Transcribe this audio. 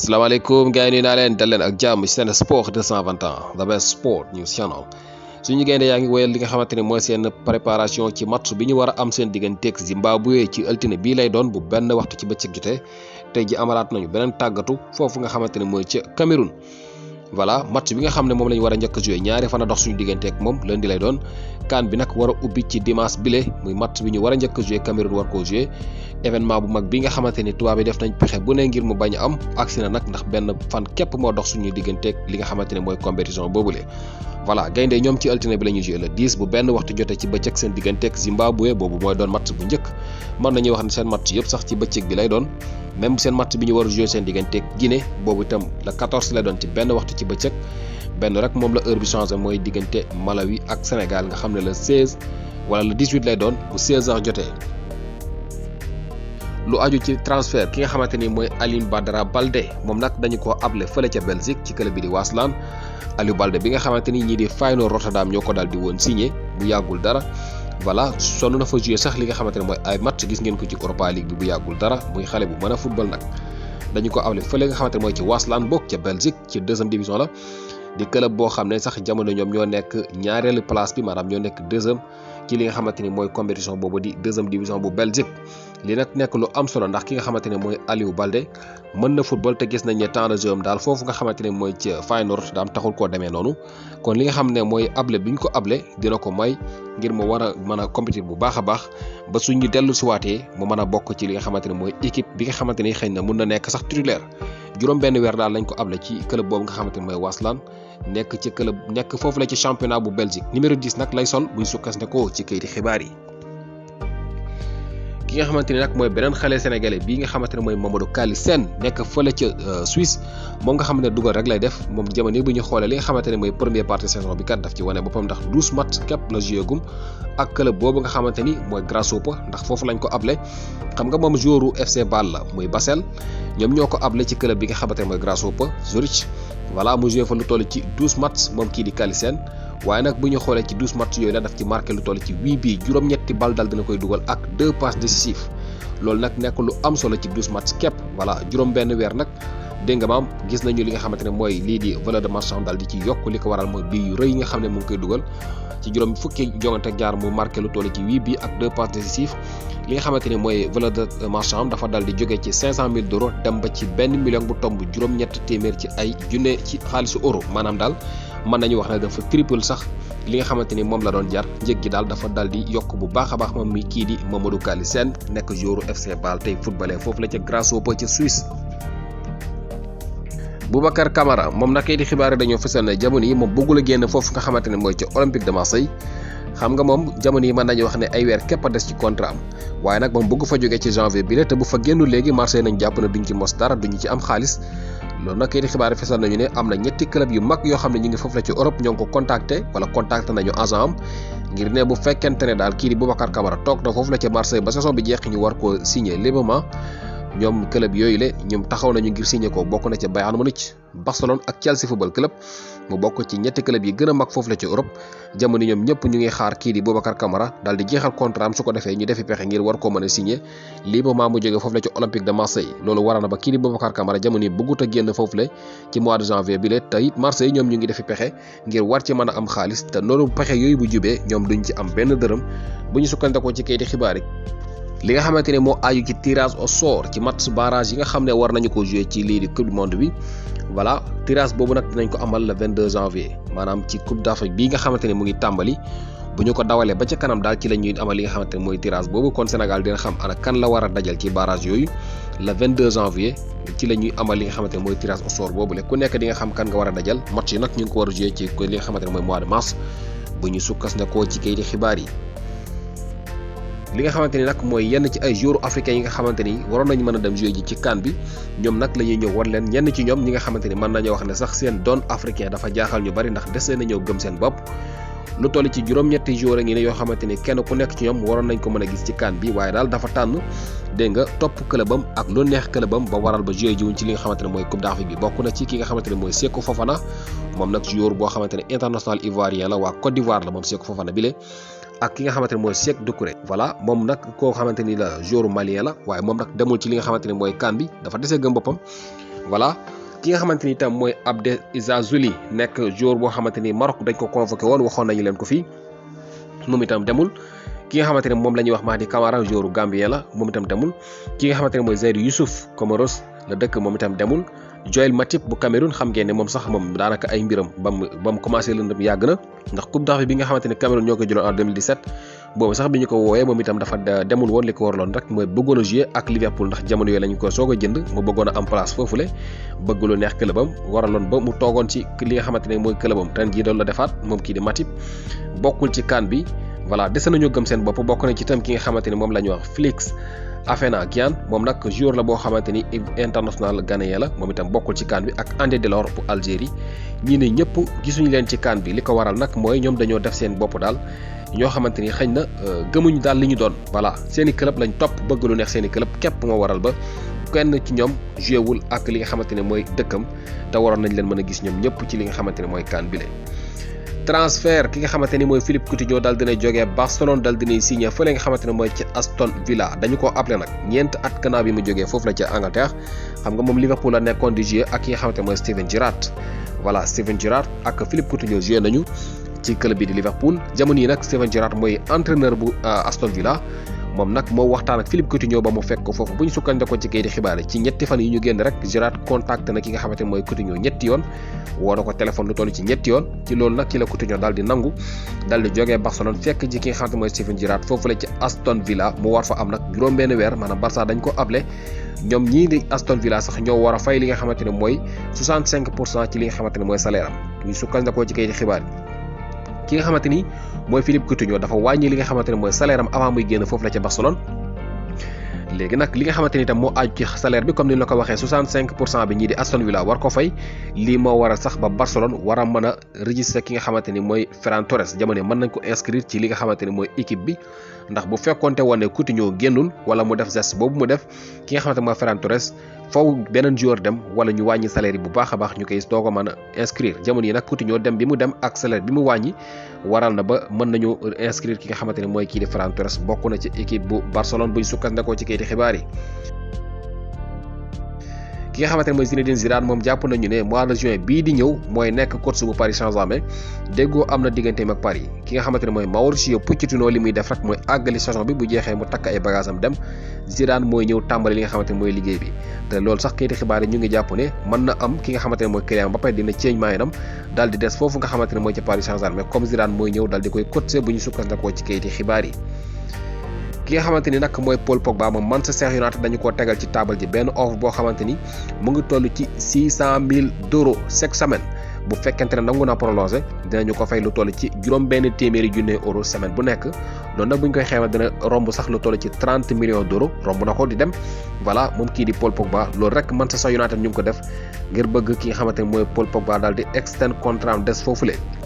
salaamaaleykum gars yi nuyu naa leen dal ak jàmm ci seen sport 221 the best sport news channel suñu gaynde yaa ngi wéyal li nga xamante ne mooy seen préparation ci match bi ñu war a am seen digganteeg Zimbabwe ci altine bii lay doon bu benn waxtu ci bëccëg jote tey ji amalaat nañu beneen tàggatu foofu nga xamante ne mooy ca Cameroun voilà match bi nga xam ne moom la ñu war a njëkk a joué ñaari fan a dox suñu digganteek moom lundi lay doon kaan bi nag war ubbi ci dimanche bile muy match bi ñu war a njëkk a joué Cameroun war koo joué événement bu mag bi nga xamante ni tubaab yi def nañ pexe bu ne ngir mu bañ a am agsi na nag ndax benn fan képp moo dox suñuy digganteek li nga xamante ne mooy compétition boobule. voilà gaynde ñoom ci altine bi la ñuy joué le bu benn waxtu jotee ci bëccëg seen digganteeg Zimbabwe boobu mooy doon match bu njëkk mën nañuy wax ne seen matt yëpp sax ci bëccëg bi lay doon même seen match bi ñu war a joué seen digganteeg Guinée boobu itam le 14 lay doon ci benn waxtu ci bëccëg benn rek moom la heure bi changé mooy diggante Malawi ak Sénégal nga xam ne le 16 wala le 18 lay doon bu 16 jotee. lu aju ci transfer ki nga xamante ni mooy Aline Badara Balde moom nag dañu ko able fële ca Belgique ci club bi di Waasland Aliou Balde bi nga xamante ni ñii di Feyenoord Rotterdam ñoo ko daal di woon signé bu yàggul dara voilà sonn na fa joué sax li nga xamante ne mooy ay match gis ngeen ko ci Europa League bi bu yàggul dara muy xale bu mën a football nag dañu ko able fële nga xamante mooy ci Waasland bokk ca Belgique ci deuxième division la di club boo xam ne sax jamono ñoom ñoo nekk ñaareelu place bi maanaam ñoo nekk deuxième ci li nga xamante ni mooy compétition boobu di deuxième division bu Belgique li nag nekk lu am solo ndax ki nga xamante ne mooy Aliou Balde mën na football te gis nañ ne temps de jeu daal foofu nga xamante ne mooy ci Feyenoord daam taxul koo demee noonu kon li nga xam ne mooy able bi ñu ko able dina ko may ngir mu war a mën a compétir bu baax a baax ba suñu dellu si waatee mu mën a bokk ci li nga xamante ne mooy équipe bi nga xamante ni xëy na mun na nekk sax titulaire juróom benn weer daal lañ ko able ci boobu nga xamante ne mooy Waslan nek ci club nek fofu la ci championnat bu belgique numéro 10 nak lay sol buñ sukkas ne ko ci kayiti xibaar yi ki nga xamanteni nak moy benen xalé sénégalais bi nga xamanteni moy mamadou kali sen nek fele ci euh, suisse moom nga xamanteni ne dugal rek lay def mom jamono bu ñu xolale li nga xamante ne mooy partie saison bi kat daf ci wone bopam ndax 12 match kep la jouer gum ak club bobu nga xamanteni moy mooy grasshopper ndax fofu lañ ko able xam nga mom joueuru fc ball la moy basel ñom ñoko ko ci club bi nga xamanteni moy mooy grasshopper zurich voilà mu joué fa lu toll ci 12 matchs moom kii di Kalisen waaye nag bu ñu xoolee ci 12 matchs yooyu nag daf ci marqué lu toll ci 8 bii juróom-ñetti bal dina koy dugal ak 2 passes décisives loolu nag nekk lu am solo ci 12 matchs képp voilà juróom-benn weer nag. dégg nga maam gis nañu li nga xamante ne mooy lii di valeur de marchand daal di ci yokk li ko waral mooy bii yu rëy yi nga xam ne mu koy dugal ci juróom fukki jongante ak ñaar mu marqué lu toll ci 8 bi ak 2 passes décisives li ne mooy valeur de marchand dafa daal di jógee ci 500000 euros dem ba ci benn million bu tomb juróom-ñett téeméer ci ay junne ci xaalisu euro maanaam daal mën nañu wax ne dafa triple sax li nga xamante ni moom la doon jar njëg gi daal dafa dal di yokk bu baax a baax moom mi kii di moom Mamadou Kaly Sène nekk joueur FC Bâle tey footballeur foofu la ca Grasshopper Boubacar Camara moom nag kayiti xibaar dañoo fësal na jamono moom bëggul a génn foofu nga xamante ne mooy ci Olympique de Marseille xam nga moom jamono yi mën nañu wax ne ay weer képp a des ci contrat am waaye nag moom bëgg fa jógee bi la te léegi Marseille nañ jàpp ne duñ ci mos dara duñu ci am xaalis loolu nag xibaar fësal nañu ne am na ñetti club yu mag yoo xam ne ñu ngi foofu la ci Europe ñoo ko contacté wala contacté nañu agent am ngir ne bu fekkente ne daal kii di Boubacar Camara toog na foofu la ci Marseille ba saison bi jeex ñu war ñoom club yooyu le ñoom taxaw nañu ngir signé ko bokk na ca Bayern Munich Barcelone ak Chelsea football club mu bokk ci ñetti club yi gën a mag foofu la ci Europe jamono ñoom ñëpp ñu ngi xaar kii di Boubacar Kamara daal di jeexal contrat am su ko defee ñu defi pexe ngir war koo mën a signé librement mu jóge foofu la ci Olympique de Marseille loolu waral na ba kii di Boubacar Kamara jamono a génn foofu la ci mois de janvier bi la te it Marseille ñu ngi defi pexe ngir war ci mën a am te noonu pexe yooyu bu jubee ñoom duñ ci am benn dërëm bu ñu sukkandikoo ci kayiti xibaar yi li nga xamante ne moo aju ci tirage au sort ci match barrage yi nga xam ne war nañu ko jouer ci lii di coupe du monde bi voilà tirage boobu nag dinañ ko amal le 22 janvier maanaam ci coupe d'Afrique nga xamante ne mu ngi tàmbali bu ñu ko dawalee ba ca kanam daal ci la ñuy amal li nga xamante ne mooy tirage boobu kon Sénégal dina xam war a dajal ci barrage yooyu le 22 la ñuy amal li nga xamante mooy tirage au boobu le ku nekk di nga xam kan nga war a dajal match yi nag ñu ngi ko war a jouer ci li nga xamante ne mooy mois de mars bu ñu sukkas ne koo ci xibaar yi li nga xamante ni nag mooy yenn ci ay joueurs africains yi nga xamante ni waroon nañu mën a dem jouer ji ci CAN bi ñoom nag la ñëw war leen ñenn ci ñoom ñi nga xamante ni mën nañoo wax ne sax seen doon africain dafa jaaxal ñu bari ndax des na ñëw gëm seen bopp lu toll ci juróom-ñetti joueurs ngi ne yoo xamante ni kenn ku nekk ci ñoom waroon nañ ko mën a gis ci CAN bi waaye daal dafa tànn dégg topp këlëbam ak lu neex këlëbam ba waral ba joué jiwuñ mooy Coupe d'Afrique bi bokk na ci mooy Sékou Fofana moom nag joueur xamante ne international ivoirien la waa Côte d'Ivoire la moom Sékou ak ki nga xamante ne mooy Séck Doucouré voilà moom nag koo xamante ni la joueur malien la waaye moom nag demul ci li nga xamante ne mooy CAN dafa desee gëm boppam voilà ki nga xamante ni itam mooy Abdel Issaouli nekk joueur boo xamante ni Maroc dañ ko convoqué woon waxoon nañu leen ko fii moom itam demul ki nga xamante ne moom la ñuy wax Mahdi Camara joueur gambien la moom itam demul ki nga xamante ne mooy Zaïre Youssouf Comoros la dëkk moom itam demul Joel Matip bu Cameroun xam ngeen ne moom sax moom daanaka ay mbiram bam bam commencé lëndëm yàgg na ndax coupe d'Afrique bi nga xamante ne Cameroun ñoo ko jëloon en 2017 boobu sax bi ñu ko wooyee moom itam dafa demul woon li ko warloon rek mooy bëggoon a jouer ak Liverpool ndax jamono yooyu lañ ko soog a jënd mu bëggoon a am place foofule bëgg lu neex clubam waraloon ba mu toogoon ci li nga xamante ne mooy clubam tan jii doon la defaat moom kii di Matip bokkul ci kan bi voilà dese nañoo gëm seen bopp bokk na ci tam ki nga xamante ne moom la ñu wax flix Afena Gyan moom nag joueur la boo xamante ni international ghanéen la moom itam bokkul ci kaan bi ak André Delors bu Algérie ñii ne ñëpp gisuñu leen ci CAN bi li ko waral nag mooy ñoom dañoo def seen bopp daal ñoo xamante ni xëy na euh, gëmuñu daal li ñu doon voilà seeni club lañ topp bëgg lu neex seeni club képp moo waral ba kenn ci ñoom joué wul ak li nga xamante ne mooy dëkkam te waroon nañ leen mën a gis ñoom ñëpp ci li nga xamante ne mooy CAN bi transfert ki nga xamante ni mooy Philippe Coutinho dal dina jógee Barcelone dal dinay signé fële nga xamante ne mooy ci Aston Villa dañu ko appelé nag ñeent at gannaaw bi mu jógee foofu la ca Angleterre xam nga moom Liverpool la nekkoon di jouer ak ki nga xamante ne mooy Steven Gerrard voilà Steven Gerrard ak Philippe Coutinho joué nañu ci club bi di Liverpool jamono yi nag Steven Gerrard mooy entraîneur bu euh, Aston Villa moom nag moo waxtaan ak Philippe Coutinho ba mu fekk ko foofu bu ñu sukkandikoo ci kayiti xibaar yi ci ñetti fan yi ñu génn rek Gerrard contact na ki nga xamante mooy Coutinho ñetti yoon woo na ko téléphone lu toll ci ñetti yoon ci loolu nag ci la Coutinho daal di nangu daal di jógee Barcelone fekk ji ki nga xamante mooy Steven Gerrard foofu la ci Aston Villa mu war fa am nag juróom-benn weer maanaam Barça dañ ko able ñoom ñii di Aston Villa sax ñoo war a fay li nga xamante ne mooy 65 pour cent ci li nga xamante ne mooy salaire am ñu sukkandikoo ci kayiti xibaar ki nga xamante ni mooy Philippe Coutinho dafa wàññi li nga xamante ne mooy salaire am avant muy génn foofu la ca Barcelone. léegi nag li nga xamante ni tam moo aju ci salaire bi comme ni la ko waxee 65 pour cent bi ñii di Aston Villa war ko fay lii moo waral sax ba Barcelone war a mën a registré ki nga xamante ni mooy Ferran Torres jamono mën nañ ko inscrire ci li nga xamante ni mooy équipe bi ndax bu fekkonte woon ne Coutinho génnul wala mu def geste boobu mu def ki nga xamante mooy Ferran Torres faw beneen joueur dem wala ñu wàññi salaire bu baax a baax ñu koy doog a mën a inscrire jamono yi nag Coutinho dem bi mu dem ak salaire bi mu wàññi waral na ba mën nañu inscrire ki nga xamante ne mooy kii di Ferran Torres bokk na ci équipe bu Barcelone buy sukkandikoo ci kayiti xibaar yi. ki nga xamante ne mooy Zinedine Zidane moom jàpp nañu ne mois de juin bii di ñëw mooy nekk coach bu Paris saint déggoo am na digganteem ak Paris ki ne mooy Mauricio li muy def rek mooy àggali bi bu jeexee mu takk ay bagages am dem Zidane mooy ñëw tàmbali li nga xamante mooy liggéey bi te loolu sax kayiti xibaar yi ñu ngi jàpp ne mën na am ki nga xamante ne mooy Kylian Mbappé dina ceeñ maayinam daal di des foofu nga xamante mooy ci Paris saint comme Zidane mooy ñëw daal di ki nga xamante ni nag mooy Paul Pogba moom Manchester United dañu koo tegal ci taabal ji benn offre boo xamante ni mu ngi toll ci six cent mille d'euros chaque semaine bu fekkente ne nangu na prolongé dinañu ko fay lu toll ci juróom benn téeméeri junne euro semaine bu nekk loolu nag buñ koy xeemal dina romb sax lu toll ci trente millions d'euros romb na ko di dem voilà moom kii di Paul Pogba loolu rek Manchester United ñu ngi ko def ngir bëgg ki nga xamante ni mooy Paul Pogba daal di extend contrat am des foofule.